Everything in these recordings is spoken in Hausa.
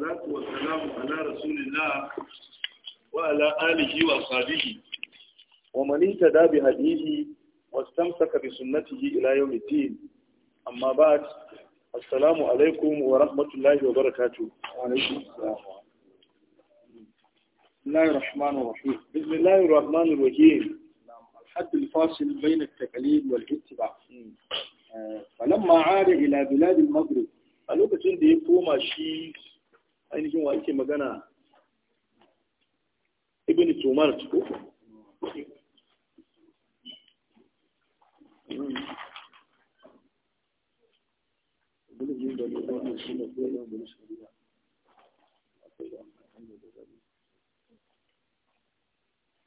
salatu wa salamu ala rasulillah wa ala alihi wa sahbihi wa man intada bi hadihi wastamsaka bi sunnatihi ila yawm al-din amma ba'd assalamu alaikum wa rahmatullahi wa barakatuh wa alaikum assalam bismillahir rahmanir rahim الحد الفاصل بين التقليد والاتباع فلما عاد الى بلاد المغرب قالوا بتندي فوما شي ainihin wa ake magana ibini tumar ciko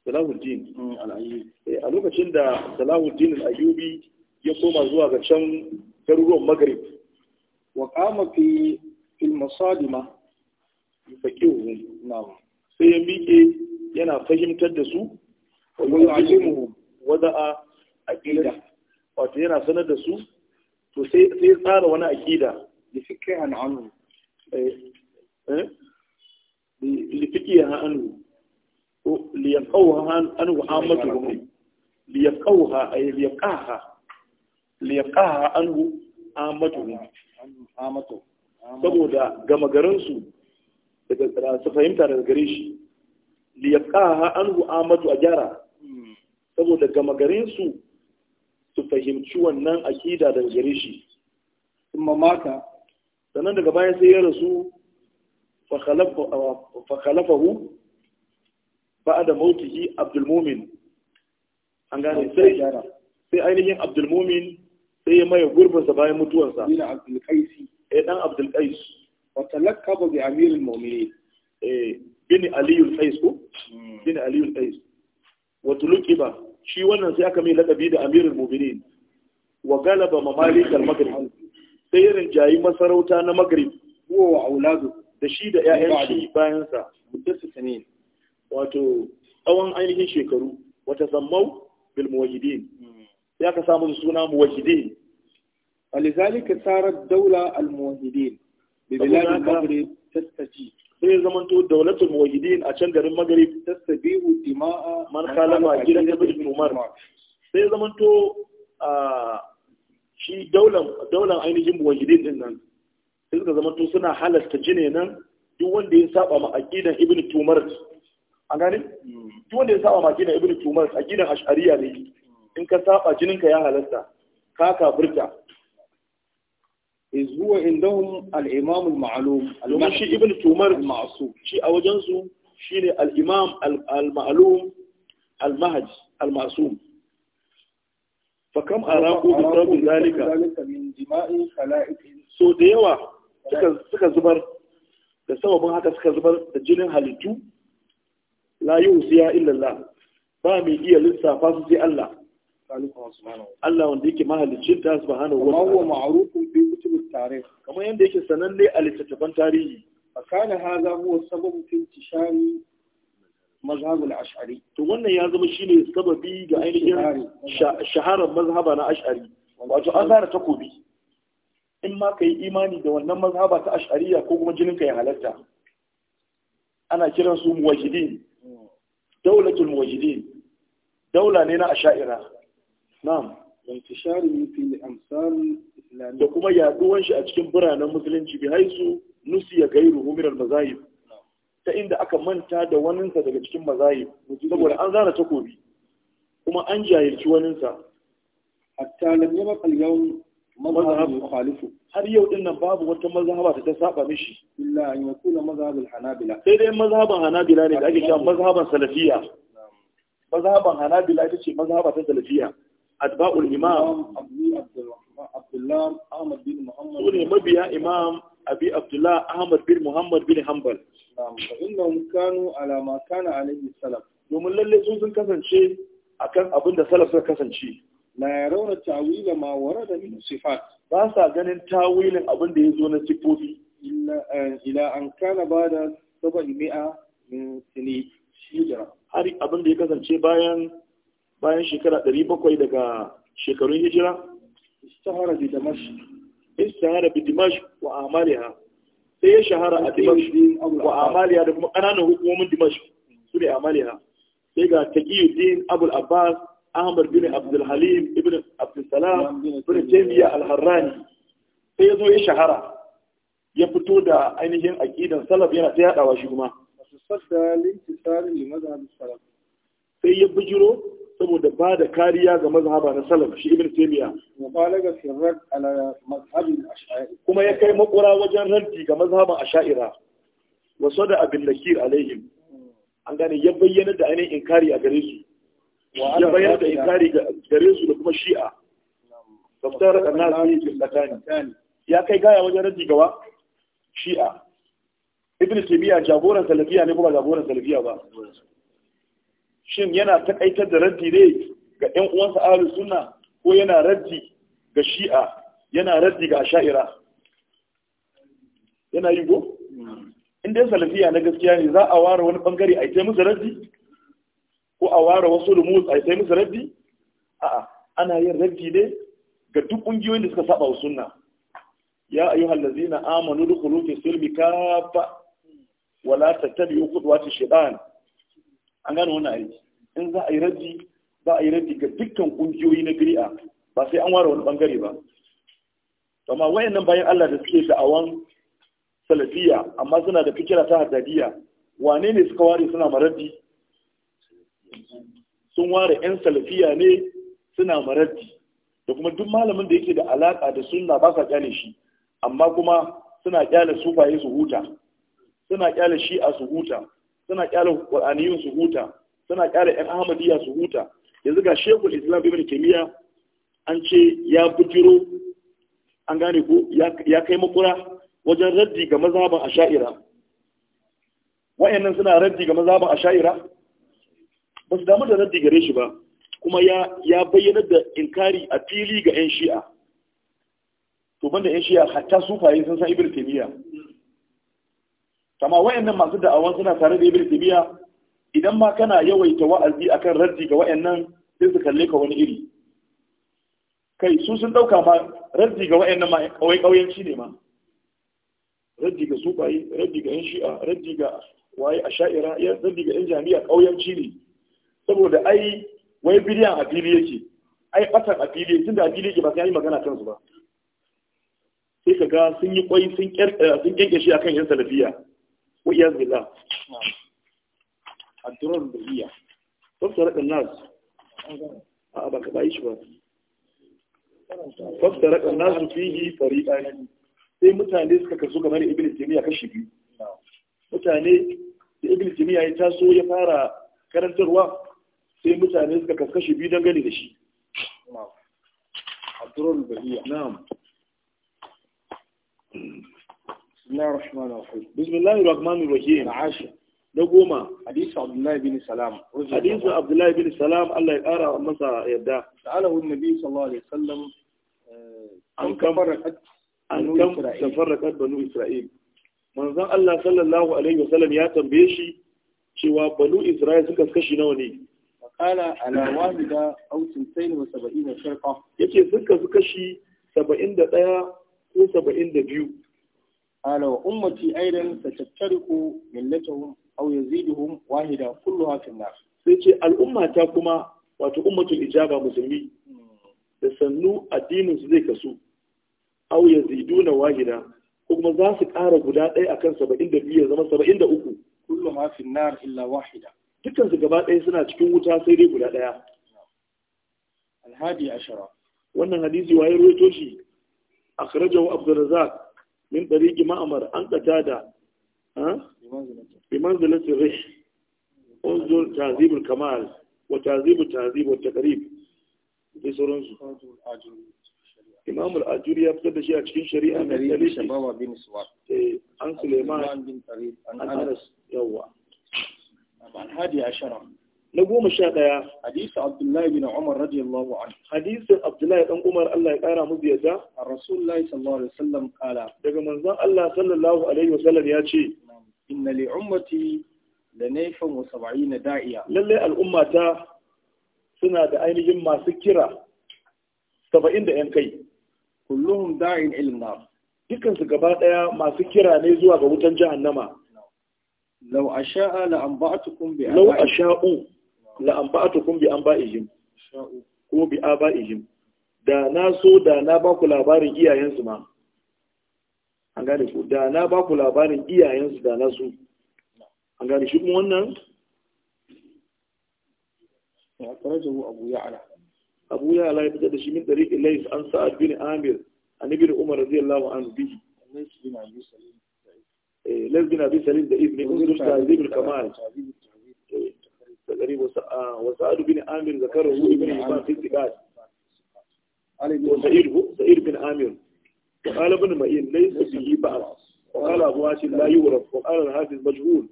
Salahuddin eh, a lokacin da Salahuddin al'ayyubi ya koma zuwa ga can garuruwan magari wa kama fi dima faqihu na'am sai ya miƙe yana fahimtar da su wa yu'allimu wada'a aqida wato yana sanar da su to sai sai tsara wani aqida da fiqhi an anu eh eh saboda gama garinsu daga su fahimta daga gare shi li an anhu amatu ajara saboda gama garin su su fahimci wannan akida daga gare shi sun mamaka sannan daga baya sai ya rasu fa khalafahu a da abdul mumin an gane sai sai ainihin abdul mumin sai ya maye gurbinsa bayan mutuwarsa ya eh, dan abdul وتلقب بأمير المؤمنين بن علي القيس بن علي القيس وتلقب شي wannan sai aka mai lakabi da amirul mu'minin wa galaba mamalik al-maghrib sai irin jayi masarauta na maghrib wa wa auladu da shi da ƴaƴan shi wato tsawon ainihin shekaru wata sammau bil ya ka samu suna muwahhidin ولذلك صارت دولة الموحدين bibilal maghrib tastaji sai zaman to daulatul muwahhidin a can garin maghrib tastabihu dima'a man khalafa gidan ibn umar sai zaman to shi daular ainihin muwahhidin din nan sai suka zama to suna halasta jine nan duk wanda ya saba ma aqidan ibn tumar a gani? duk wanda ya saba ma aqidan ibn tumar aqidan ash'ariya ne in ka saba jinin ka ya halasta ka kafirta is huwa indahum al-imam al-ma'lum al shi ibn tumar al-ma'sum shi a wajen su shine al-imam al-ma'lum al-mahdi al kam araku bi rabbi zalika min dima'i so da yawa suka zubar da sababin haka suka zubar da jinin halittu la ba mai iya lissafa sai Allah Allah wanda yake mahalicin ta subhanahu wa ta'ala wa ma'rufun fi kutubit tarikh kamar yanda yake sananne a littattafan tarihi fakana hadha huwa sababu fi intishari mazhab al-ash'ari to wannan ya zama shine sababi ga ainihin shaharar mazhaba na ash'ari wato an zara takobi in ma ka yi imani da wannan mazhaba ta ash'ariya ko kuma jinin ka ya halatta ana kiran su muwajidin hmm. daulatul muwajidin daula ne na asha'ira na'am kuma في shi a وكما biranen Musulunci, أتكين برانا مسلم ya نسي غيره من المذاهب ta inda aka manta da waninsa daga cikin mazahib saboda an zana takobi kuma an jayirci waninsa hatta lam al-yawm mazhab har yau din nan babu wata mazhaba ta saba mishi illa an yakuna mazhab al-hanabila sai dai mazhaban hanabila ne da ake cewa mazhaban salafiya mazhaban hanabila ita ce mazhaba salafiya atba'ul imam abdullah ahmad mabiya imam abi abdullah ahmad bin muhammad bin hanbal domin lallai sun sun kasance akan abin da salaf suka kasance la yarawna ta'wila ma warada min sifat ba sa ganin tawilin abin da yazo na cikobi. Eh, ila an kana bada saba'i mi'a min sini hijira har abin da ya kasance bayan bayan shekara 700 daga shekarun hijira istahara bi damashq istahara bi damashq wa amaliha sai ya shahara a dimashq wa amaliha da kuma kananan hukumomin dimashq su ne amaliha sai ga taqiyuddin abul abbas ahmad bin abdul halim ibn abdul salam ibn jamia al-harrani sai ya zo ya shahara ya fito da ainihin aqidan salaf yana ta yadawa shi kuma sai ya bijiro saboda ba da kariya ga mazhaba na salaf shi ibn taymiya mubalaga fi rad ala mazhabi ash'ari kuma ya kai makura wajen raddi ga mazhaban ash'ira wa sada abin nakir alaihim an gane ya bayyana da ainihin inkari a gare su ya bayyana da inkari ga gare su da kuma shi'a faftar da nasi jillatani ya kai gaya wajen raddi ga shi'a ibn taymiya jagoran salafiya ne kuma jagoran salafiya ba shin yana takaitar da raddi ne ga ɗan uwansa ahlu sunna ko yana raddi ga shi'a yana raddi ga sha'ira yana yi go in dai salafiya na gaskiya ne za a ware wani bangare a yi musu raddi ko a ware wasu rumus a yi musu raddi a'a ana yin raddi ne ga duk ƙungiyoyin da suka saba wa sunna ya ayyuhal ladzina amanu dukhulu fi silmi kafa wala tattabi'u khudwati shaytan an gane wannan aiki in za a yi raji za a yi raji ga dukkan kungiyoyi na bid'a ba sai an ware wani bangare ba amma wayannan bayan Allah da suke da'awan salafiya amma suna da fikira ta haddadiya wane ne suka ware suna maraddi sun ware 'yan salafiya ne suna maraddi da kuma duk malamin da yake da alaka da sunna ba sa kyale shi amma kuma suna kyale sufaye su huta suna kyale shi a su huta suna kyale qur'aniyun su huta suna kyale ɗan ahmadiyya su huta yanzu ga shekul islam ibn taymiya an ce ya bujiro an gane ko ya kai makura wajen raddi ga mazhaban asha'ira wayannan suna raddi ga mazhaban asha'ira ba su damu da raddi gare shi ba kuma ya bayyana da inkari a fili ga 'yan shi'a to banda 'yan shi'a hatta sufaye sun san ibn taymiya kama wayannan masu da'awan suna tare da ibn tibiya idan ma kana yawaita wa'azi akan raddi ga wayannan sai su kalle ka wani iri kai su sun dauka ma raddi ga wayannan ma kawai kauyanci ne ma raddi ga sufayi raddi ga yan shi'a raddi ga waye a sha'ira ya raddi ga yan jami'a kauyanci ne saboda ai wai bidiyan a fili yake ai batan a fili tunda a fili yake ba sai yi magana kansu ba sai ka ga sun yi kwai sun a eh, akan yan salafiya wa iyaz billah ad da billah fassara da nas a ba ka bayi ba fassara da nas fi fihi fariqan sai mutane suka kasu kamar ibnu jami'a kashi biyu mutane da ibnu jami'a ya taso ya fara karantarwa sai mutane suka kashi biyu don gani da shi na'am bismillahir rahmanir rahim na goma hadisu abdullahi bin salam hadisu abdullahi bin salam masa yarda sa'alahu nabi sallallahu alaihi wasallam eh, an kafarrakat an kam tafarrakat isra'il manzon Allah sallallahu alaihi wasallam ya tambaye shi cewa banu isra'il suka kashi nawa ne qala ala wahida aw sintain wa sab'ina sharqa yace suka su kashi 71 ko 72 قال وأمتي أيضا ستفترق ملتهم أو يزيدهم واحدة كلها في النار سيتي الأمة تاكما wato ummatul ijaba musulmi da sannu addininsu zai kasu aw yaziduna wahida ko kuma za su ƙara guda ɗaya akan 72 ya zama 73 kullu ma fi nar illa wahida dukkan su gaba ɗaya suna cikin wuta sai dai guda ɗaya alhadi ashara wannan hadisi waye rawaito shi akhrajahu abdurrazzaq min ɗariƙi ma'amar an ƙata da biman zalatin rish unzur tazibul kamal wa tazibu tazibu wa taqrib da sauransu imam al-ajuri ya fitar da shi a cikin shari'a mai dalili shababa eh, an suleiman an anas yawa hadi na goma sha ɗaya hadisin abdullahi bin umar radiyallahu anhu hadisin abdullahi dan umar Allah ya kara musu yadda a rasulullahi sallallahu alaihi wasallam kala daga manzon Allah sallallahu alaihi wasallam ya ce inna li ummati la nayfan wa sab'ina da'iya lalle al'ummata suna da ainihin masu kira saba'in da yan kai kulluhum da'in ilna dukkan su gaba daya masu kira ne zuwa ga wutan jahannama law asha'a la anba'tukum bi law asha'u la'amba'atukum bi anba'ihim ko bi aba'ihim da na so da na ba ku labarin iyayensu ma an gane ku da na ba ku labarin iyayensu da na so an gane shi kuma wannan ya mu abu ala abu ala ya fita da shi min dari ilayis an sa'ad bin amir an ibn umar radiyallahu anhu bihi lais bin abi salim eh lais bin abi salim da ibn umar da ibn kamal تقريبا آه، وسعد بن عامر ذكره ابن حبان في الثقات وسعيد سعيد بن عامر وقال ابن معين ليس به بأس وقال أبو هاشم لا يعرف وقال الحافظ مجهول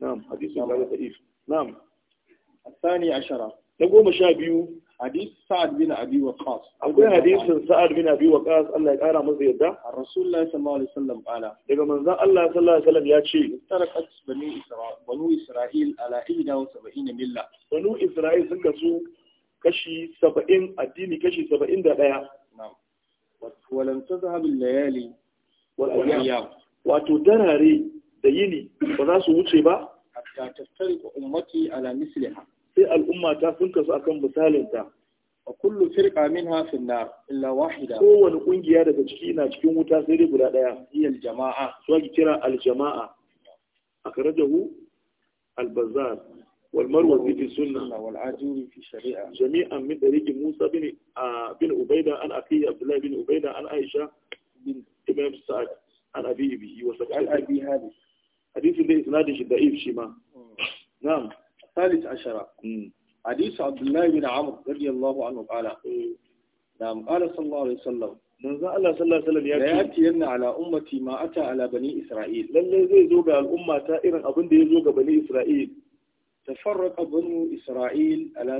نعم حديث ضعيف نعم الثاني عشرة تقوم شابيو حديث سعد بن أبي وقاص أقول حديث سعد بن أبي وقاص الله يقرأ مصر يبدأ الرسول الله صلى الله عليه وسلم قال إذا من ذا الله صلى الله عليه وسلم يأتي تركت بني إسرائيل بنو إسرائيل على 71 ملة بنو إسرائيل سنكسو كشي 70 الدين كشي 70 دقيقة نعم ولم تذهب الليالي والأيام وتدرري ديني وذا سوتي با حتى تفترق أمتي على مثلها sai al'umma ta sun kasu akan misalin A kullum kullu firqa minha fi nar illa wahida kowane kungiya daga ciki na cikin wuta sai dai guda daya iyal jama'a su ake kira al jama'a akrajahu al bazar wal marwazi fi sunna wal ajuri fi shari'a jami'an min dariqi musa bin bin ubaida an akhi abdullah bin ubaida an aisha bin ibn sa'ad an abi bihi wa sa'ad abi hadith hadith da isnadin shi da'if shi ma oh. na'am الثالث عشر حديث عبد الله بن عمرو رضي الله عنه قال نعم قال صلى الله عليه وسلم manzo Allah sallallahu alaihi wasallam ya ce yati yanna ala ummati ma ata ala bani isra'il Lallai zai zo ga al'umma ta irin abin da ya zo ga bani isra'il tafarraqa banu isra'il ala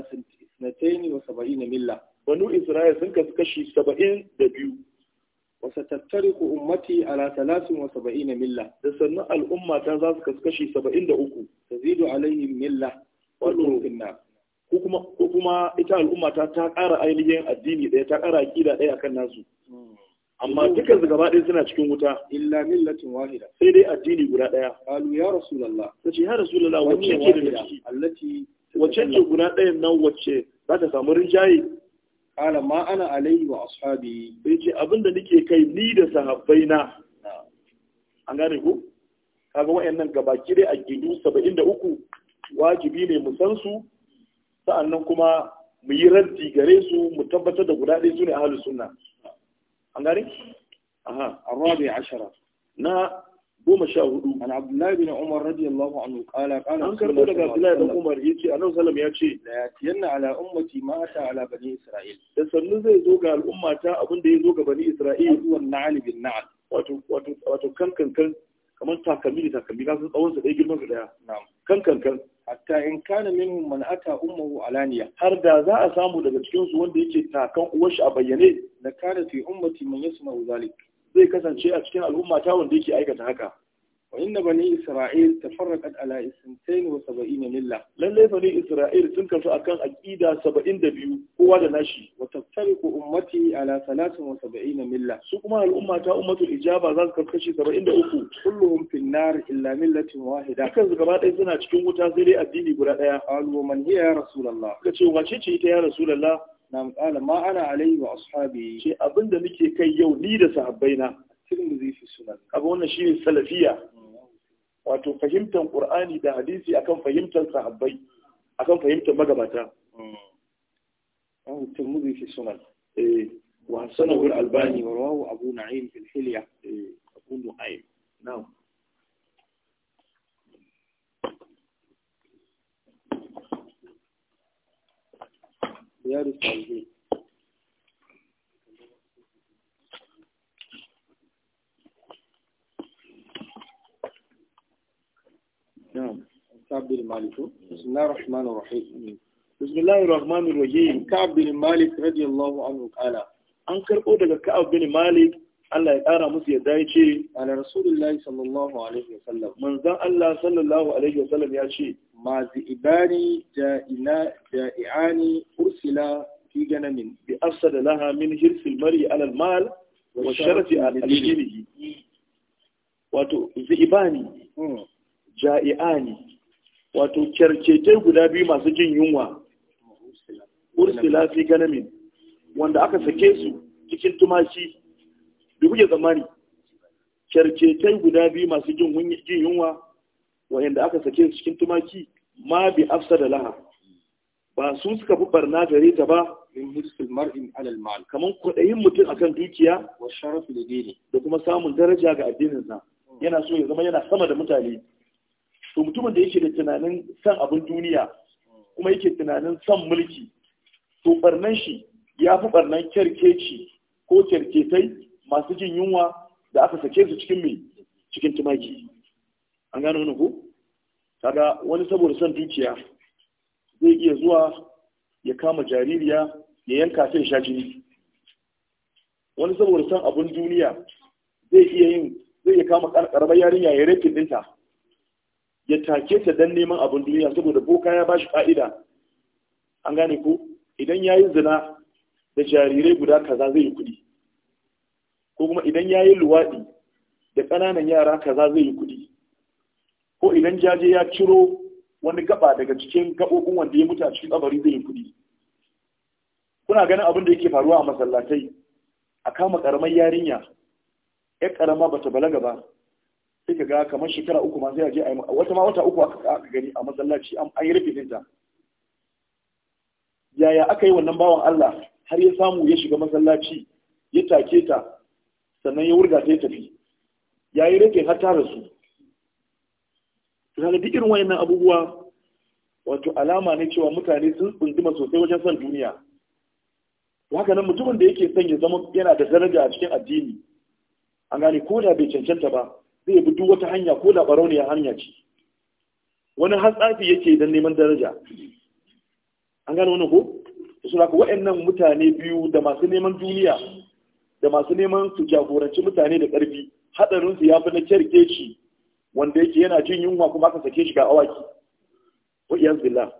72 milla banu isra'il sun kasu kashi biyu. wasu tattariku ummati ala talatin wa saba'in milla da sannan al'umma ta za su kaskashi saba'in da uku ta zidu alaihim milla ko kuma ita al'umma ta ta ƙara ainihin addini ɗaya ta ƙara kida ɗaya akan nasu amma dukkan su gaba ɗaya suna cikin wuta illa millatin wahida sai dai addini guda ɗaya qalu ya rasulullah sai ya rasulullah wacce ce da ciki allati wacce ce guda ɗayan nan wacce za ta samu rinjaye qala ma ana alayhi wa ashabi yace abinda nake kai ni da sahabbaina na an gane ku kaga wayannan gabaki dai a gidu 73 wajibi ne mu san su sa'annan kuma mu yi raddi gare su mu tabbatar da guda ɗaya su ne ahlus sunna an gane aha ar-rabi'a 10 na goma sha hudu an abdullahi bin umar radiyallahu anhu kala kala an karbo daga abdullahi bin umar yace annabi sallam ya ce la yatiyanna ala ummati ma ata ala bani isra'il da sannu zai zo ga al'umma ta abin da ya zo ga bani isra'il wan na'al bin na'al wato wato wato kan kan kan kamar takalmi da takalmi ka san tsawon sa dai girman sa daya na'am kan kan kan hatta in kana min man ata ummuhu alaniya har da za a samu daga cikin su wanda yake takan uwar shi a bayyane da kana fi ummati man yasma'u zalik zai kasance a cikin al'umma ta wanda yake aikata haka wa inna bani isra'il tafarraqat ala 72 milla lalle bani isra'il sun kasu akan aqida 72 kowa da nashi wa tafarriqu ummati ala 73 milla su kuma al'umma ta ummatul ijaba za su kashe 73 kulluhum fin nar illa millatin wahida kan su gaba suna cikin wuta sai dai addini guda ɗaya. qalu man hiya rasulullah kace wace ce ita ya rasulullah nam qala ma ana alayhi wa ashabi ce abinda nake kai yau ni da sahabbaina tirmidhi fi sunan wannan shine salafiya wato fahimtar qur'ani da hadisi akan fahimtar sahabbai akan fahimtar magabata an fi sunan eh wa al-albani wa rawahu abu na'im fil hilya eh abu na'am رياض الصالحين نعم كعب بن مالك بسم الله الرحمن الرحيم بسم الله الرحمن الرحيم كعب بن مالك رضي الله عنه قال an karɓo daga ka'ab bin malik Allah ya ƙara musu yadda ya ce ala rasulullahi sallallahu alaihi wa sallam manzon Allah sallallahu alaihi wa sallam ya ce ma ibani ja'ila ja'iani ursila fi ganamin bi afsada laha min hirsil mar'i ala al-mal wa sharafi al-jini wato zibani ja'iani hmm. wato kyarkece guda biyu masu jin yunwa ursila fi ganamin wanda aka sake su cikin tumaki da kuke tsammani kyarketai guda biyu masu jin yunwa wayanda aka sake su cikin tumaki ma bi afsa da laha ba su suka fi barna gare ta ba min hirsul mar'in alal mal kaman kwaɗayin mutum akan dukiya wa sharafu dini da kuma samun daraja ga addinin sa hmm. yana so ya zama yana sama da mutane to mutumin da yake da tunanin san abin duniya hmm. kuma yake tunanin san mulki to barnan shi ya fi barnan kyarkeci ko kyarketai masu jin yunwa da aka sake su cikin mai cikin tumaki an gano wani ku kaga wani saboda son dukiya zai iya zuwa ya kama jaririya ya yanka sai sha jini wani saboda son abun duniya zai iya yin zai iya kama karbar yarinya ya rafe dinta ya take ta dan neman abun duniya saboda boka ya bashi fa'ida an gane ku idan ya yi zina da jarirai guda kaza zai yi kuɗi ko kuma idan ya yi luwaɗi da ƙananan yara kaza zai yi kuɗi ko idan jaje ya ciro wani gaba daga cikin gaɓoɓin wanda ya mutu a cikin tsabari zai yi kuɗi kuna ganin abin da yake faruwa a masallatai a kama ƙaramar yarinya ya ƙarama bata balaga ba sai ka ga kamar shekara uku ma sai a je a yi wata ma wata uku aka gani a masallaci an yi rufe yaya aka yi wannan bawan Allah har ya samu ya shiga masallaci ya take ta sannan ya wurga sai tafi ya yi rike har tara su kaga duk irin wayannan abubuwa wato alama ne cewa mutane sun tsunduma sosai wajen son duniya haka nan mutumin da yake son ya zama yana da daraja a cikin addini an gane ko da bai cancanta ba zai bi duk wata hanya ko da barau ne hanya ce wani hatsafi yake don neman daraja an gane wani ko su ku waɗannan mutane biyu da masu neman duniya da masu neman su jagoranci mutane da ƙarfi haɗarin su ya fi na kyarke shi wanda yake yana jin yunwa kuma aka sake shi ga awaki wa iyaz billah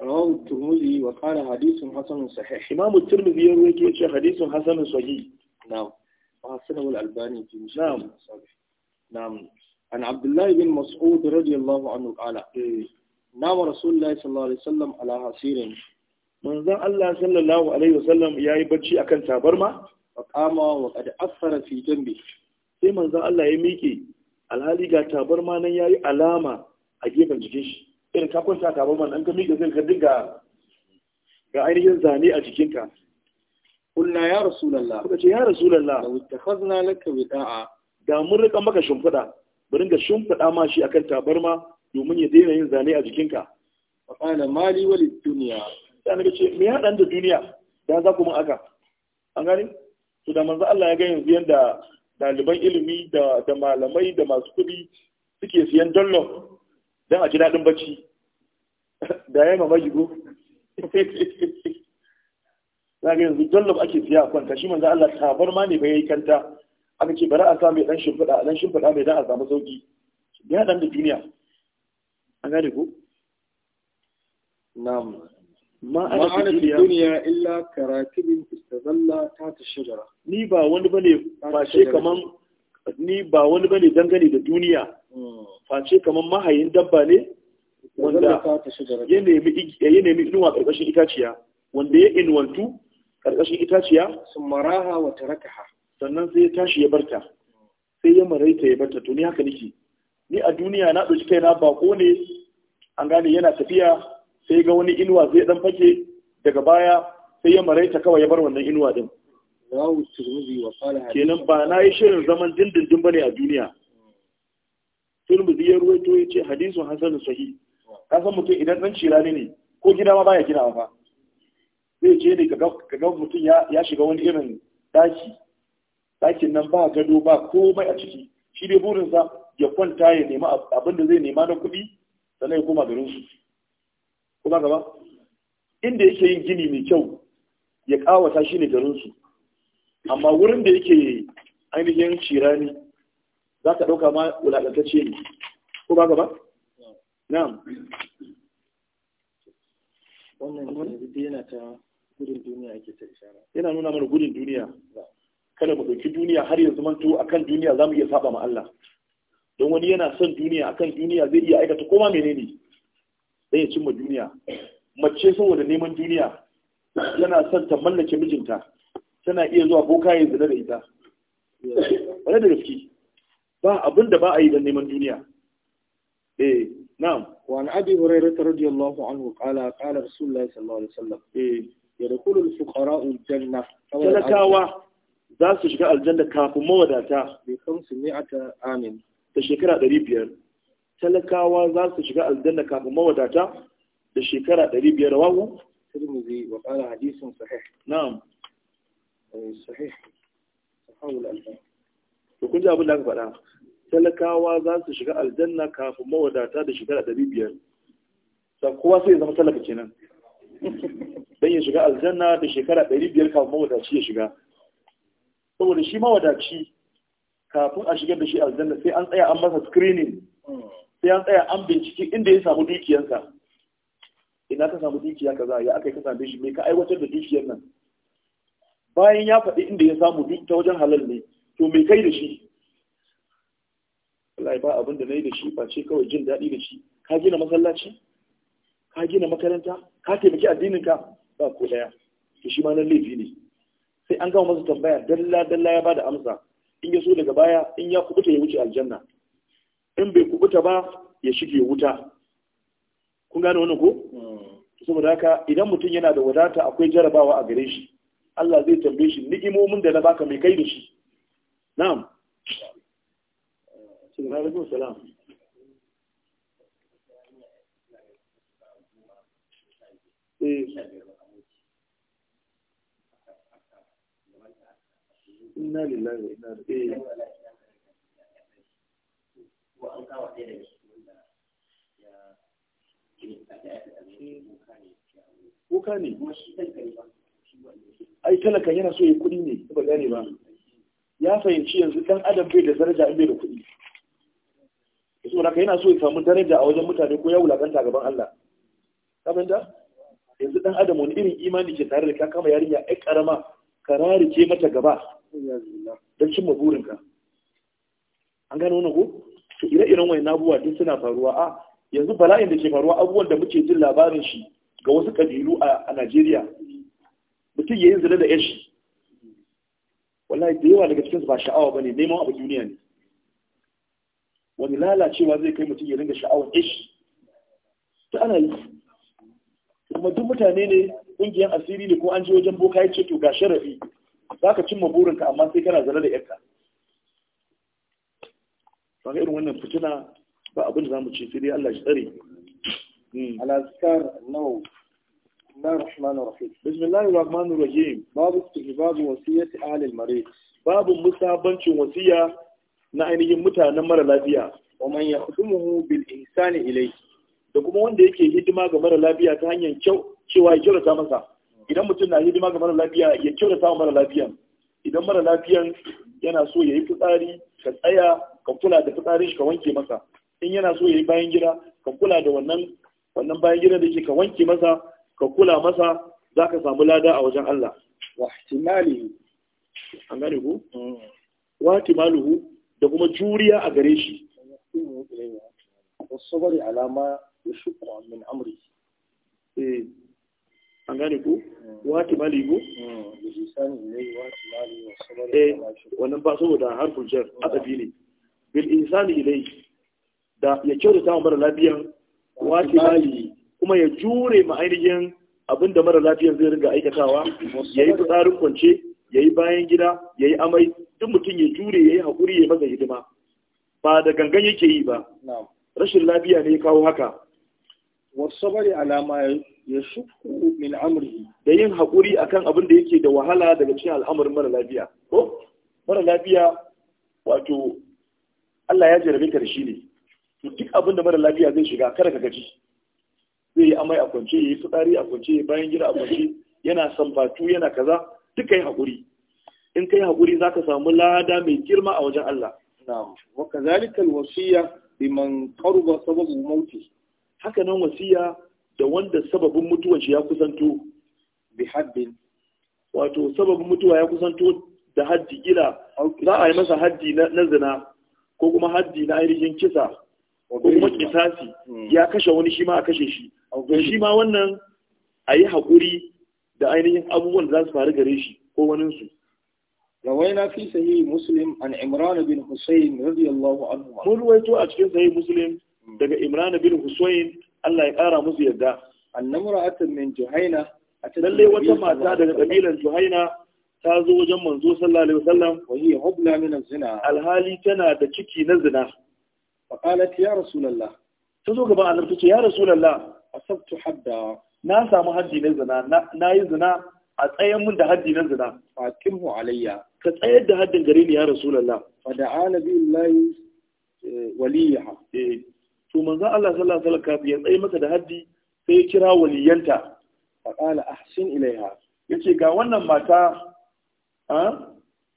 rawu turmuzi wa qala hadithun hasanun sahih imamu turmuzi ya ruwaito yace hadithun hasanun sahih na'am wa hasanahu al-albani fi na'am na'am an abdullahi bin mas'ud radiyallahu anhu qala eh. nama rasulullahi sallallahu alaihi wasallam ala hasirin manzan Allah sallallahu alaihi wasallam yi bacci akan tabarma fa kama wa qad asfara fi jambi sai manzan Allah ya miƙe alhali ga tabarma nan ya yi alama a gefen jikin shi irin ka kwanta tabarma nan ka miƙe sai ka dinga ga ainihin zane a jikinka kulna ya rasulullah kuka ce ya rasulullah law ittakhadna laka wida'a da mun rika maka shimfiɗa bari ga shimfiɗa ma shi akan tabarma domin ya daina yin zane a jikinka fa mali walid duniya. sai annabi ce me haɗan da duniya da za ku mun aka an gani to da manzo Allah ya ga yanzu yadda ɗaliban ilimi da malamai da masu kuɗi suke siyan dollar don a ji daɗin bacci da ya yi mamaki ko za ga yanzu dollar ake siya a kwanta shi manzan Allah tabar ma ne bai yi kanta aka ce bari a sa mai dan shimfiɗa dan shimfiɗa mai don a samu sauƙi ya ɗan da duniya an gane ko na'am ma ana fi duniya illa karatibin istazalla ta ta shajara ni ba wani bane face kaman ni ba wani bane dangane da duniya hmm. face kaman mahayin dabba ne wanda ya nemi inuwa karkashin itaciya wanda ya inwantu karkashin itaciya sun maraha wa tarakaha sannan sai ya tashi ya barta sai ya maraita ya barta to ni haka nake ni a duniya na ɗauki kaina bako ne an gane yana tafiya sai ga wani inuwa sai dan fake daga baya sai ya maraita kawai ya bar wannan inuwa din kenan ba na yi shirin zaman dindindin bane a duniya turmuzi ya ruwaito ya ce hadisun hasan sahi ka san mutum idan dan cira ne ko gida ma baya gina ba zai ce ne ga ga mutum ya shiga wani irin daki dakin nan ba gado ba komai a ciki shi dai burinsa ya kwanta ya nema abin da zai nema na kuɗi sannan ya koma garin su kuma ba gaba inda yake yin gini mai kyau ya kawata shi ne garinsu amma wurin da yake ainihin cirani za ka ɗauka ma wulaƙantacce ne ko ba gaba? na. wannan wanda yana ta gudun duniya ake ta ishara yana nuna mana gudun duniya kada mu dauki duniya har yanzu manto akan duniya za mu iya saba ma Allah don wani yana son duniya akan duniya zai iya aikata koma menene don ya cimma duniya mace saboda neman duniya yana son ta mallake mijinta tana iya zuwa boka ya zina da ita wani da gaske ba abin da ba a yi don neman duniya eh na'am wa an abi hurairah radiyallahu anhu qala qala rasulullahi sallallahu alaihi wasallam eh yadkhulu al-fuqara'u al-janna talakawa za su shiga aljanna kafin mawadata bi 500 amin da shekara 500 talakawa za su shiga aljanna kafin mawadata da shekara 500 rawahu tirmidhi wa qala hadithun sahih na'am eh, sahih sahihul albani kun ji abin da aka faɗa talakawa za su shiga aljanna kafin mawadata da shekara 500 sai kowa sai zama talaka kenan dan ya shiga aljanna da shekara 500 kafin mawadaci ya shiga saboda shi mawadaci kafin a shigar da shi aljanna sai an tsaya an masa screening hmm. sai an tsaya an binciki inda ya samu dukiyansa ina ka samu dukiya kaza ya aka yi ka same shi me ka aiwatar da dukiyar nan bayan ya faɗi inda ya samu duk ta wajen halal ne to me kai da shi Allah ba abin da nayi da shi ba ce kawai jin daɗi da shi ka gina masallaci ka gina makaranta ka taimaki addinin ka ba ko daya to shi ma nan laifi ne sai an gama masa tambaya dalla dalla ya bada amsa in ya so daga baya in ya kubuta ya wuce aljanna in bai kubuta ba ya shige wuta kun gane wani ko hmm. saboda haka idan mutum yana da wadata akwai jarabawa a gare shi Allah zai tambaye shi ni'imomin da na baka mai kai da shi na'am eh, alaikum salam eh. inna lillahi wa inna ilaihi ko an kawo ɗaya daga cikin da ya kuka ne ai yana so ya kuɗi ne ba gane ba ya fahimci yanzu ɗan adam bai da daraja in bai da kuɗi yaso da yana so ya samu daraja a wajen mutane ko ya wulakanta gaban Allah kamar da yanzu ɗan adam wani irin imani ke tare da ka kama yarinya ai karama ka rarike mata gaba don cimma burinka an gano wannan ko to ire-iren wayan abubuwa duk suna faruwa a yanzu bala'in da ke faruwa abubuwan da muke jin labarin shi ga wasu kabilu a Najeriya mutum ya yi zina da yashi wallahi da yawa daga cikinsu ba sha'awa ba ne neman abu duniya ne wani lalacewa zai kai mutum ya ringa sha'awar yashi ta ana yi kuma duk mutane ne ƙungiyar asiri ne ko an je wajen boka ya ce to ga sharafi za ka cimma burinka amma sai kana zana da yarka ba irin wannan fitina ba abin da za mu ce sai dai Allah shi tsare hmm. al-azkar nau na rahmanu rahim bismillahir rahmanu rahim babu babu wasiyati ta al-marid babu musabancin wasiya na ainihin mutanen mara lafiya wa man yakhdumuhu bil ihsani ilai. da kuma wanda yake hidima ga mara lafiya ta hanyar kyau cewa ya kyautata masa idan mutum na hidima ga mara lafiya ya kyautata wa mara lafiyan idan mara lafiyan yana so ya yi fitsari ka tsaya kan kula da fitsarin shi ka wanke masa in yana so ya yi bayan gida kan kula da wannan wannan bayan gida da yake ka wanke masa ka kula masa za ka samu lada a wajen Allah wa ihtimalihi an gane ku mm. wa ihtimaluhu da kuma juriya a gare shi wasabari alama ya shukwa min amri eh an gane ku mm. wa ihtimalihi mm. eh, wannan ba saboda harfin jar a ne bil insani ilayhi da ya kyauta wa mara lafiyan wace mali kuma ya jure ma ainihin abin mara lafiyan zai ringa aikatawa ya yi fitsarin kwance ya yi bayan gida ya yi amai duk mutum ya jure ya yi haƙuri ya maza hidima ba da gangan yake yi ba rashin lafiya ne ya kawo haka wasabari alama ya shuku min amri da yin haƙuri akan abin da yake da wahala daga cikin al'amarin mara lafiya ko mara lafiya wato Allah ya jarabe ka da shi ne to duk abin da mara lafiya zai shiga kada ka gaji zai yi amai a kwance yayi fitsari a kwance bayan gida a kwance yana sambatu yana kaza duka yi hakuri in kai hakuri zaka samu lada mai girma a wajen Allah na'am wa kazalikal wasiya liman qarba sababu mauti haka nan wasiya da wanda sababin mutuwar shi ya kusanto bi haddin wato sababin mutuwa ya kusanto da haddi kila za a yi masa haddi na zina ko kuma haddi na ainihin kisa ko kuma kisasi hmm. ya kashe wani shi ma a kashe shi shi ma wannan a yi haƙuri da ainihin abubuwan da za su faru gare shi ko waninsu na fi sahih muslim an imran bin husayn radiyallahu anhu mun ruwaito a cikin sahi muslim hmm. daga imran bin husayn Allah ya kara musu yadda annamra'atan min juhaina lalle wata mata daga kabilan juhaina ta zo wajen manzo sallallahu alaihi wasallam wa hiya hubla min zina alhali tana da ciki na zina fa qalat ya rasulullah ta zo gaban annabi tace ya rasulullah asabtu hadda na samu haddi na zina na yi zina a tsayen mun da haddi na zina fatimhu alayya ka tsayar da haddin gare ni ya rasulullah fa da'a nabiyullahi eh, waliyaha eh to manzo Allah sallallahu alaihi wasallam kafi ya tsaye mata da haddi sai ya kira waliyanta fa qala ahsin ilaiha yace ga wannan mata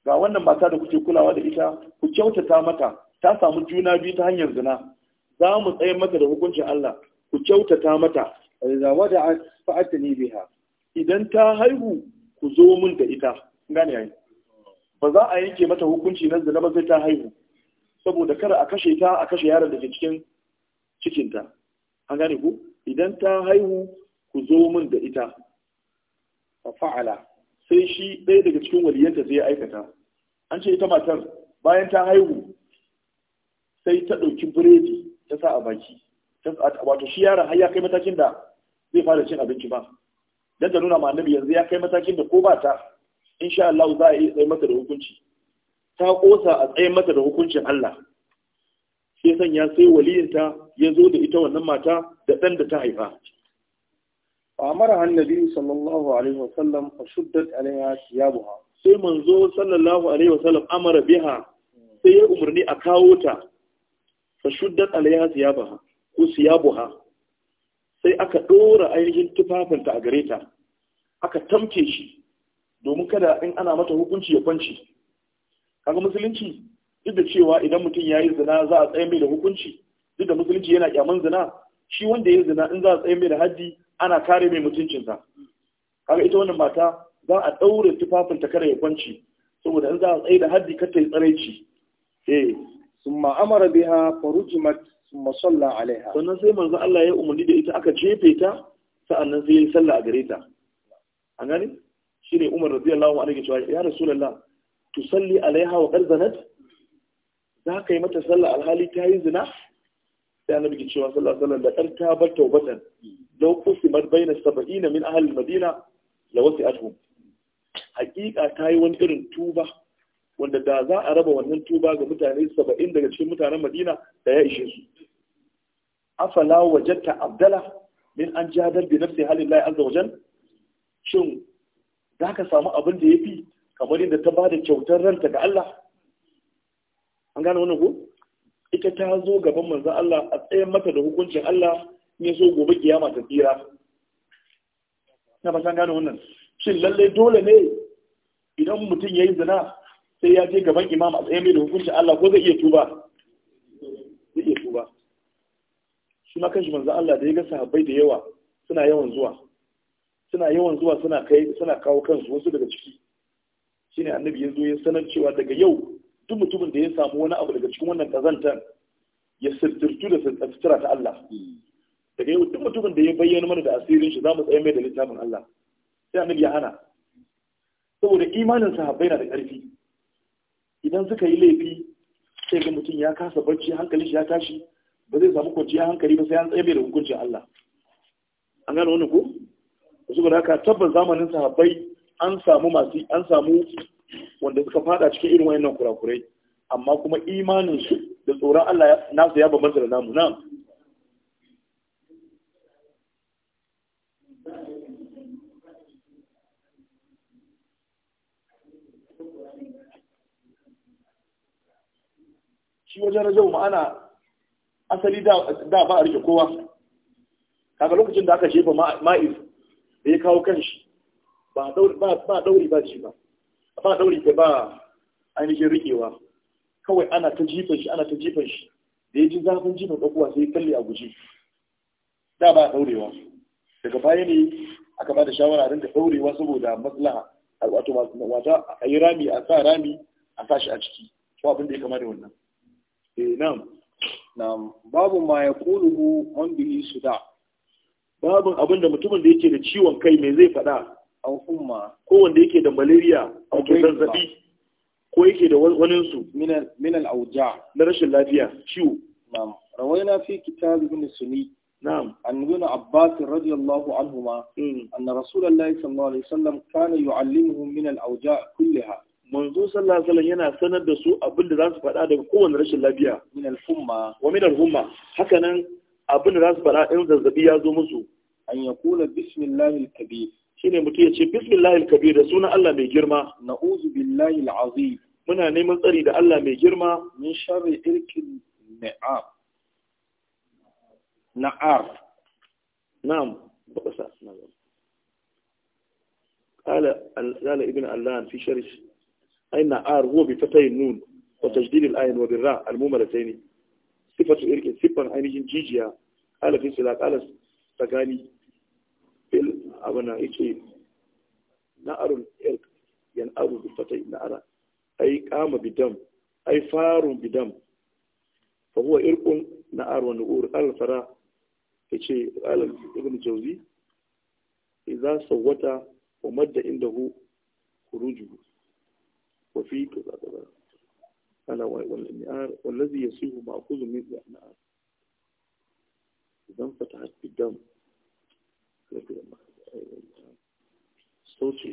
ga wannan mata da kuke kulawa da ita ku kyautata mata ta samu juna biyu ta hanyar zina za mu tsaye mata da hukuncin Allah ku kyautata mata da wada fa'atani biha idan ta haihu ku zo mun da ita gane yayi ba za a yanke mata hukunci na zina ba sai ta haihu saboda kar a kashe ta a kashe yaron da ke cikin cikinta an gane ku idan ta haihu ku zo mun da ita fa fa'ala sai shi ɗaya daga cikin waliyanta zai aikata an ce ita matar bayan ta haihu sai ta ɗauki biredi ta sa a baki wato shi yaron har ya kai matakin da zai fara cin abinci ba don ta nuna ma yanzu ya kai matakin da ko ba ta sha Allah za a yi tsaye masa da hukunci ta ƙosa a tsaye masa da hukuncin Allah sai sanya sai waliyinta ya zo da ita wannan mata da ɗan da ta haifa فأمرها النبي صلى الله عليه وسلم فشدت عليها ثيابها sai manzo sallallahu alaihi wa wasallam amara biha sai ya umarni a kawo ta fa shuddat alaiha siyabaha ko siyabuha sai aka dora ainihin tufafinta a gare ta aka tamke shi domin kada in ana mata hukunci ya kwanci kaga musulunci duk da cewa idan mutum yayi zina za a tsaye mai da hukunci duk da musulunci yana kyaman zina shi wanda yayi zina in za a tsaye mai da haddi ana kare mai mutuncinsa kaga ita wannan mata za a daure tufafin ta kare ya kwanci saboda in za a tsaye da haddi kar ta yi tsaraici eh summa amara biha farujimat summa salla alaiha sannan sai manzo Allah ya umarni da ita aka jefe ta sa'annan sai ya yi sallah a gare ta an gane shine Umar radiyallahu anhu ya da ya rasulullah tusalli alaiha wa qad zanat za ka yi mata sallah alhali ta yi zina sai annabi ke cewa sallallahu alaihi wasallam da kan tabar taubatan law qusimat baina sab'ina min ahli madina la wasi'atuhum hakika ta yi wani irin tuba wanda da za a raba wannan tuba ga mutane saba'in daga cikin mutanen madina da ya ishe su afala wajatta abdala min an jadar bi nafsi halillahi azza wajal shin za ka samu abin da ya fi kamar inda ta bada kyautar ranta ga Allah an gane wannan ko ita ta zo gaban manzo Allah a tsayin mata da hukuncin Allah ya so gobe kiyama ta tsira na ba san gano wannan shin lalle dole ne idan mutum yayi zina sai ya je gaban imam a tsayin mai da hukuncin Allah ko zai iya tuba zai iya tuba shi ma kanshi manzo Allah da ya ga sahabbai da yawa suna yawan zuwa suna yawan zuwa suna kai suna kawo kansu wasu daga ciki shine annabi yanzu ya sanar cewa daga yau duk mutumin da ya samu wani abu daga cikin wannan kazantar ya sirtirtu da sirtira ta Allah daga yau duk mutumin da ya bayyana mana da asirin shi za mu tsaye mai da littafin Allah sai Amir ya hana saboda imanin sahabbai na da ƙarfi idan suka yi laifi sai ga mutum ya kasa barci hankalin shi ya tashi ba zai samu kwanciya hankali ba sai an tsaye mai da hukuncin Allah an gano wani ko saboda haka tabbas zamanin sahabbai an samu masu an samu wanda suka fada cikin irin wayannan kurakurai amma kuma imanin su da tsoron Allah nasu ya bambanta da namu na shi wajen rajau ma'ana asali da ba a rike kowa kaga lokacin da aka shefa ma'iz da ya kawo shi, ba dauri ba shi ba ba dauri ke ba ainihin rikewa kawai ana ta jifan shi ana ta jifan shi da ya ji zafin jifan ɗaukuwa sai kalli a guji da ba ɗaurewa daga baya ne aka ba da shawara don ta daurewa saboda maslaha wato wata a yi rami a sa rami a sa shi a ciki ko abin da ya kama da wannan eh na'am na'am babu ma ya quluhu man su da. babu abin da mutumin da yake da ciwon kai me zai faɗa ko wanda yake da malaria ke zazzabi ko yake da wani su min al auja na rashin lafiya ciwo na'am rawaina fi kitab ibn sunni na'am an ibn abbas radiyallahu anhuma hmm. anna rasulullahi sallallahu alaihi wasallam kana yu'allimuhum min al auja kullaha manzo sallallahu alaihi wasallam yana sanar da su abin da za su faɗa daga kowane rashin lafiya min al humma wa min al humma hakanan abin da za su faɗa in zazzabi ya zo musu an yaqula bismillahil kabir shine mutum ya ce bismillahil kabir da sunan Allah mai girma na'uzu billahi azim muna neman tsari da Allah mai girma min sharri irkin na'ar na'ar na'am bakasa na'am قال قال ابن علان في شرح أي نعار هو بفتح النون وتجديد الآين وبالراء الممرتين صفة إرك صفة عين جيجيا قال في سلاك قال سكاني abana yake yace na'arul irq yan abu bi fatai na'ara ai kama bidam ai farun bidam fa huwa irkun na'ar wa nu'ur al fara yace alam ibn jawzi idza sawata wa madda indahu khuruju wa fi kaza ana wa wal-ni'ar wallazi yasihu ma'khuzun min al-ni'ar idan fatahat bidam lafiya ma'a sauce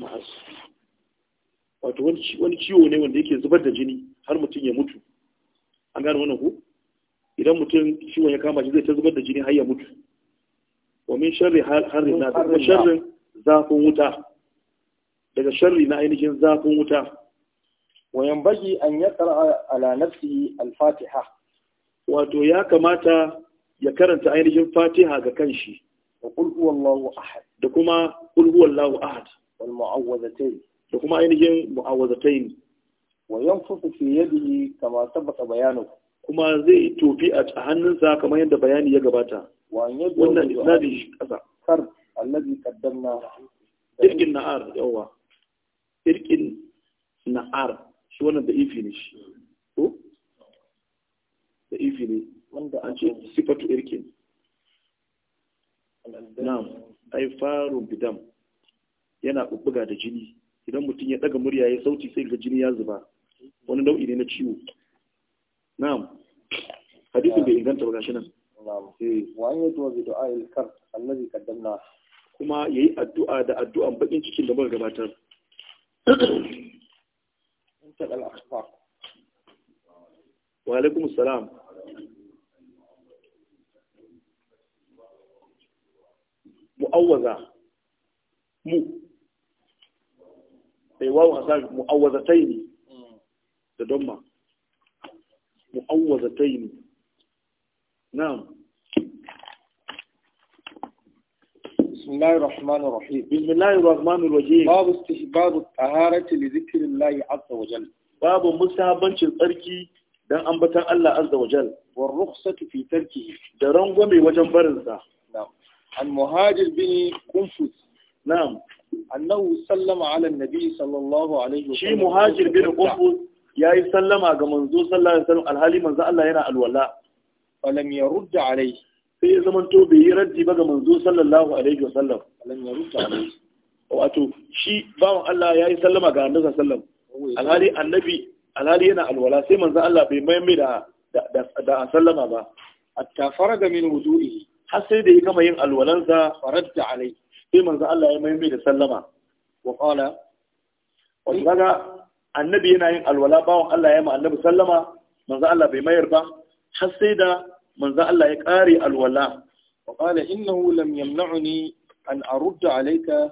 ma'as wato wani ciwo ne wanda yake zubar da jini har mutum ya mutu an gano wani ku idan mutum ciwon ya kama shi zai ta zubar da jini har ya mutu wa min sharri na daga sharrin zafin wuta daga sharri na ainihin zafin wuta wa yanbaghi an yaqra ala nafsihi al-fatiha wato ya kamata ya karanta ainihin fatiha ga kanshi wa qul huwallahu ahad da kuma qul huwallahu ahad wal mu'awwazatayn da kuma ainihin mu'awwazatayn wa yanfusu fi yadihi kama sabata bayanu kuma zai tofi a hannunsa kamar yadda bayani ya gabata wannan isnadi shi kasa kar allazi qaddamna irkin na'ar yawa irkin na'ar da ifi na'am ai farun bidam yana bubbuga da jini idan mutum ya daga murya ya sauti sai ga jini ya zuba wani nau'i ne na ciwo na'am hadisin bai inganta ba gashi nan na'am sai eh, wa an yadwa bi du'a al-kar allazi qaddamna kuma yayi addu'a da addu'an bakin cikin da muka gabatar wa alaikum assalam mu'awwaza mu aiwa wa sa mu'awwazatayn da domma mu'awwazatayn na'am bismillahirrahmanirrahim bismillahirrahmanirrahim babu istihbab at-taharati li dhikrillahi 'azza wa jalla babu musabancin tsarki dan ambatan Allah 'azza wa jalla war rukhsati fi tarkihi da rangwame wajen barinsa. عن مهاجر بن قنفذ نعم أنه سلم على النبي صلى الله عليه وسلم شي مهاجر بن قنفذ يا يسلم على منزو صلى الله عليه وسلم الهالي منزو الله ينا الولاء فلم يرد عليه sai ya zamanto bai yi raddi ba ga manzo sallallahu alaihi wasallam alam ya rubuta wato shi bawan Allah ya yi sallama ga annabi sallallahu annabi alhali yana alwala sai manzo Allah bai mai mai da da sallama ba hatta faraga min har sai da ya gama yin alwalansa faradda alai sai manzo Allah ya mai da sallama wa qala wa kaga annabi yana yin alwala bawon Allah ya ma annabi sallama manzo Allah bai mayar ba har sai da manzo Allah ya kare alwala wa qala innahu lam yamna'uni an arudda alayka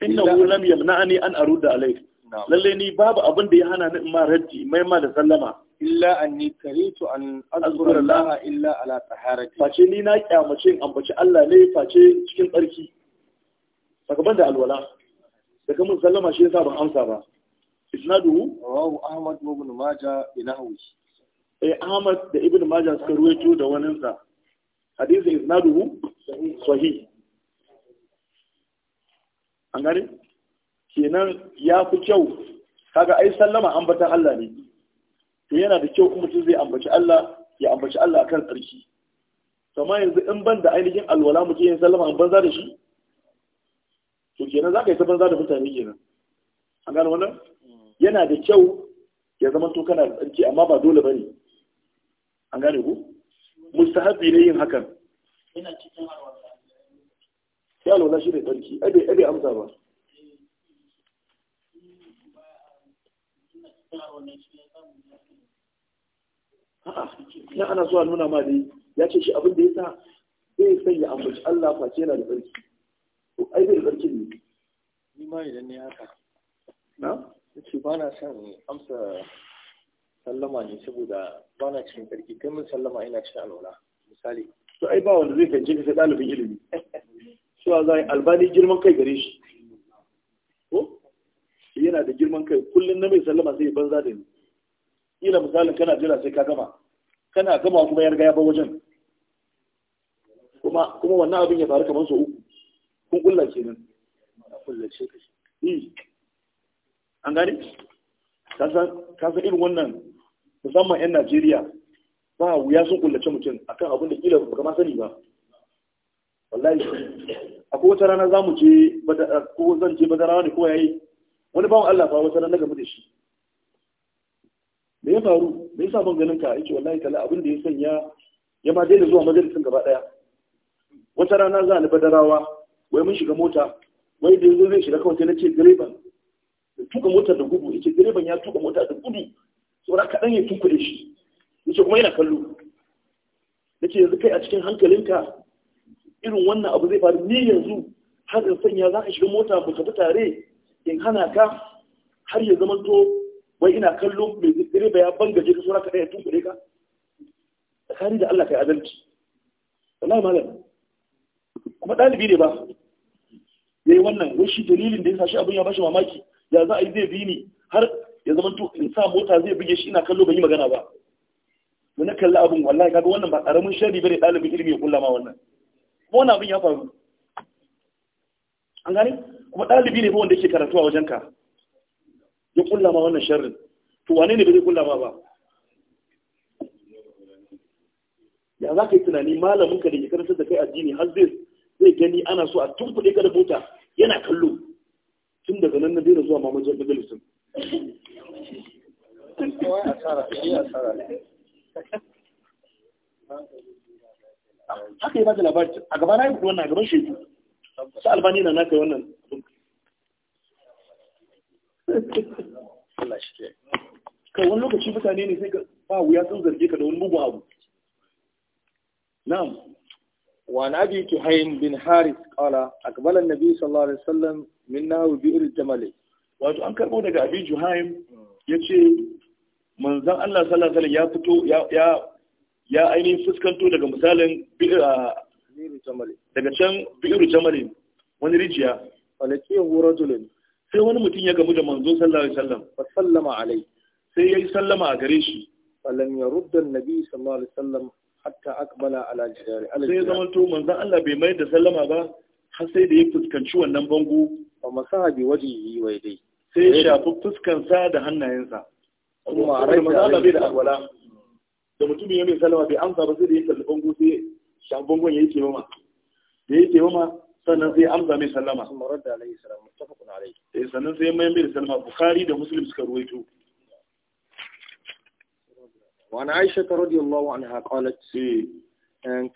innahu lam yamna'ani an arudda alayka lalle ni babu abin da ya hana ni in ma raddi mai ma da sallama illa anni karitu an azkura Allah illa ala taharati face ni na kyamace in ambaci Allah ne face cikin tsarki sakaban da alwala daga mun sallama shi yasa ban amsa ba isnaduhu rawahu ahmad ibn majah binahu eh ahmad da ibn Maja suka ruwaito da wannan sa Isna isnaduhu sahih an gane kenan ya fi kyau kaga ai sallama ambatan Allah ne yana da kyau kuma mutum zai ambaci Allah ya ambaci Allah akan tsarki kamar yanzu in ban da ainihin alwala mutum yin sallama an banza da shi to kenan za ka yi ta banza da mutane kenan an gano wannan yana da kyau ya zama to kana da tsarki amma ba dole bane an gane ku mustahabi ne yin hakan yana cikin alwala ya alwala shi ne tsarki abe abe amsa ba nan ana zuwa nuna ma dai ya ce shi abin da ya sa zai sanya ambaci Allah face yana da tsarki to ai bai da tsarki ne ni ma idan ne haka na ce ba na san amsa sallama ne saboda ba na cikin tsarki kai mun sallama ina cikin alwala misali to ai ba wanda zai fahimci ka sai ɗalibin ilimi cewa za a yi albani girman kai gare shi ko yana da girman kai kullum na mai sallama sai banza da ni kila misalin kana jira sai ka gama kana gama kuma ya riga ya wajen kuma kuma wannan abin ya faru kamar so uku kun kulla kenan kullace hmm. ka shi an gani ka san irin wannan musamman yan Najeriya ba wuya sun kullace mutum akan abin da kila ba ma sani ba wallahi akwai wata rana za mu je ko zan je bazara ne ko yayi wani bawan Allah fa wata rana na mu da shi me ya faru me sa ban ganin ka ce wallahi kala abin da ya sanya ya ma daina zuwa majalisin gaba daya wata rana za ni badarawa wai mun shiga mota wai da yanzu zai shiga kawai sai na ce direban da tuka motar da gudu yace direban ya tuka mota da gudu saboda kaɗan ya tukuɗe shi yace kuma yana kallo ce yanzu kai a cikin hankalinka irin wannan abu zai faru ni yanzu har in sanya za ka shiga mota mu tafi tare in hana ka har ya zama to wai ina kallo mai ba ya bangaje da sura ka ɗaya tunkure ka tsakani da Allah kai adalci wallahi malam kuma ɗalibi ne ba yayi wannan wai shi dalilin da ya sashi abin ya bashi mamaki ya za a yi zai bi ni har ya zama to in sa mota zai buge shi ina kallo ban yi magana ba mu na kalli abin wallahi kaga wannan ba ƙaramin sharri bane ɗalibin ilimi ya kulla ma wannan kuma wannan abin ya faru an gane kuma ɗalibi ne fa wanda yake karatu a wajenka ya kulla ma wannan sharrin to wane ne bai zai kulla ma ba ya za ka yi tunani malamin ka da ke karantar da kai addini har zai zai gani ana so a tumfuɗe ka da mota yana kallo tun daga nan na daina zuwa mamajar majalisun haka yi ba da labarci a gaba na yi kudu wannan a gaban shi sa albani na naka wannan Allah shi ke. kai wani lokaci mutane ne sai ka ba wuya sun zarge ka da wani mugun abu na'am wa na abi tuhaim bin haris qala aqbala an-nabi sallallahu alaihi wasallam minna wa bi'r al-jamal wato an karbo daga abi tuhaim yace manzon Allah sallallahu alaihi wasallam ya fito ya ya ya ainihin fuskanto daga misalin ah, daga can bi'ir jamal wani rijiya falake hu rajulun sai wani mutum ya gamu da manzon sallallahu alaihi wasallam fa sallama alai sai ya yi sallama a gare shi falam ya rudda nabi sallallahu alaihi wasallam hatta akbala ala jidari sai ya zama to manzon Allah bai mai da sallama ba har sai da ya fuskanci wannan bango wa masaha bi yi wai dai. sai ya shafi fuskansa da hannayensa kuma a rai bai da alwala da mutumin ya mai sallama bai amsa ba sai da ya kalli bango sai shafi bangon ya yi kemama da ya yi sannan sai amsa mai sallama eh, sannan sai mai mai da sallama bukhari da muslim suka ruwaito وعن عائشة رضي الله عنها قالت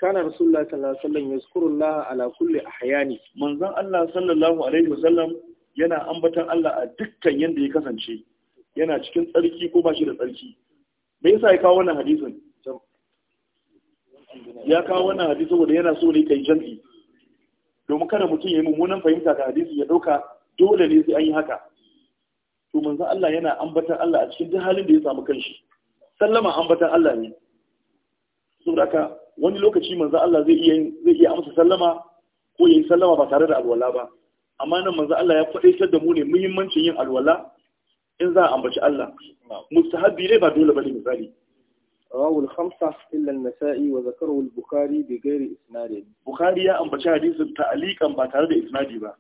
كان رسول الله صلى الله عليه وسلم يذكر الله على كل أحيانه من ذا الله صلى الله عليه وسلم yana ambatan Allah a dukkan yanda ya kasance yana cikin tsarki ko ba shi da tsarki me yasa ya kawo wannan hadisin ya kawo wannan hadisi saboda yana so ne kai jam'i domin kada mutum ya yi mummunan fahimta da hadisi ya dauka dole ne sai an yi haka to manzo Allah yana ambatar Allah a cikin duk halin da ya samu shi. sallama ambatan Allah ne saboda wani lokaci manzo Allah zai iya zai iya amsa sallama ko yayin sallama ba tare da alwala ba amma nan manzo Allah ya faɗaitar da mu ne muhimmancin yin alwala in za a ambaci Allah mustahabbi ne ba dole bane misali rawu al-khamsa illa an-nasa'i wa zakaru al-bukhari bi ghairi isnad bukhari ya ambaci hadisin ta'alikan ba tare da isnadi ba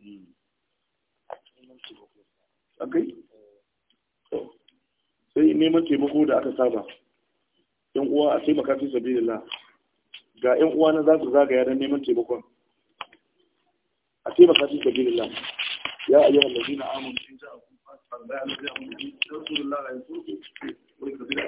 hmm. okay sai neman taimako da aka saba yan uwa a taimaka fi sabilillah ga yan uwa na za su zagaya don neman taimakon a taimaka fi sabilillah ya a ayyuhal ladina amanu in su da bi'inatin fa'tullaha wa yasurukum